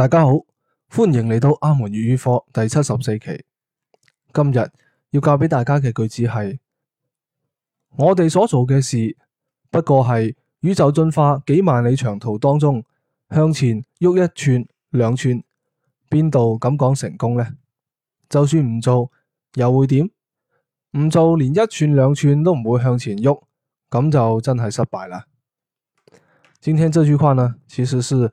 大家好，歡迎嚟到阿門粵語課第七十四期。今日要教俾大家嘅句子係：我哋所做嘅事不過係宇宙進化幾萬里長途當中向前喐一寸兩寸，邊度敢講成功呢？就算唔做又會點？唔做連一寸兩寸都唔會向前喐，咁就真係失敗啦。今天這句話呢，其實是。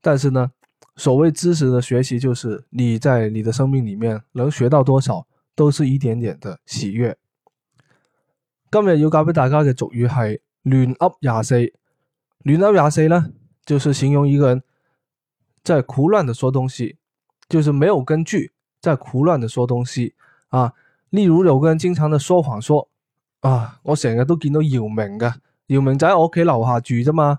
但是呢，所謂知識的學習，就是你在你的生命裏面能學到多少，都是一點點的喜悅。今日要教俾大家嘅俗語係亂噏廿四，亂噏廿四呢，就是形容一個人在胡亂的說東西，就是沒有根據，在胡亂的說東西啊。例如有個人經常的說謊說，說啊，我成日都見到姚明嘅，姚明就喺我屋企樓下住啫嘛。